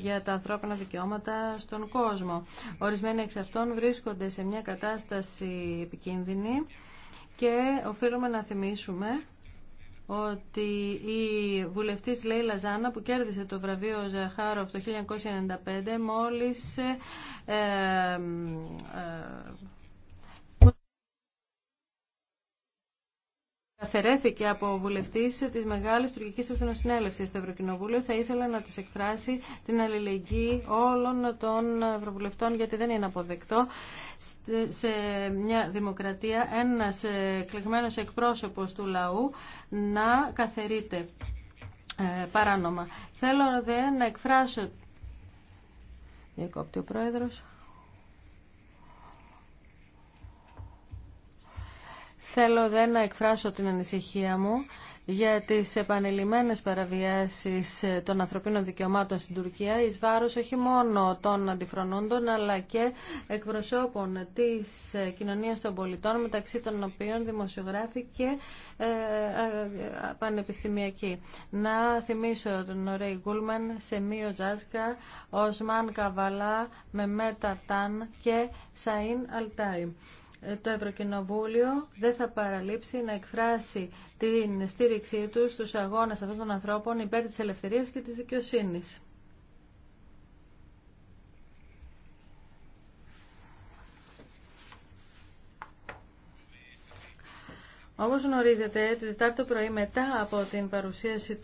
για τα ανθρώπινα δικαιώματα στον κόσμο. Ορισμένοι εξ αυτών βρίσκονται σε μια κατάσταση επικίνδυνη και οφείλουμε να θυμίσουμε ότι η βουλευτής Λέιλα Ζάνα που κέρδισε το βραβείο Ζαχάροφ το 1995 μόλις ε, αφαιρέθηκε από βουλευτή τη Μεγάλη Τουρκική Εθνοσυνέλευση στο Ευρωκοινοβούλιο, θα ήθελα να τη εκφράσει την αλληλεγγύη όλων των Ευρωβουλευτών, γιατί δεν είναι αποδεκτό σε μια δημοκρατία ένα ε, κλεγμένο εκπρόσωπο του λαού να καθερείται ε, παράνομα. Θέλω δε να εκφράσω. Διακόπτει ο Πρόεδρος. Θέλω δεν να εκφράσω την ανησυχία μου για τις επανειλημμένες παραβιάσεις των ανθρωπίνων δικαιωμάτων στην Τουρκία εις βάρος όχι μόνο των αντιφρονούντων αλλά και εκπροσώπων της κοινωνίας των πολιτών μεταξύ των οποίων δημοσιογράφοι και ε, ε πανεπιστημιακοί. Να θυμίσω τον Ρέι Γκούλμεν, Σεμίο Τζάσκα, Οσμάν Καβαλά, Μεμέτα Τάν και Σαΐν Αλτάι το Ευρωκοινοβούλιο δεν θα παραλείψει να εκφράσει την στήριξή του στους αγώνες αυτών των ανθρώπων υπέρ της ελευθερίας και της δικαιοσύνης. οπω γνωρίζετε, το πρωί μετά από την παρουσίαση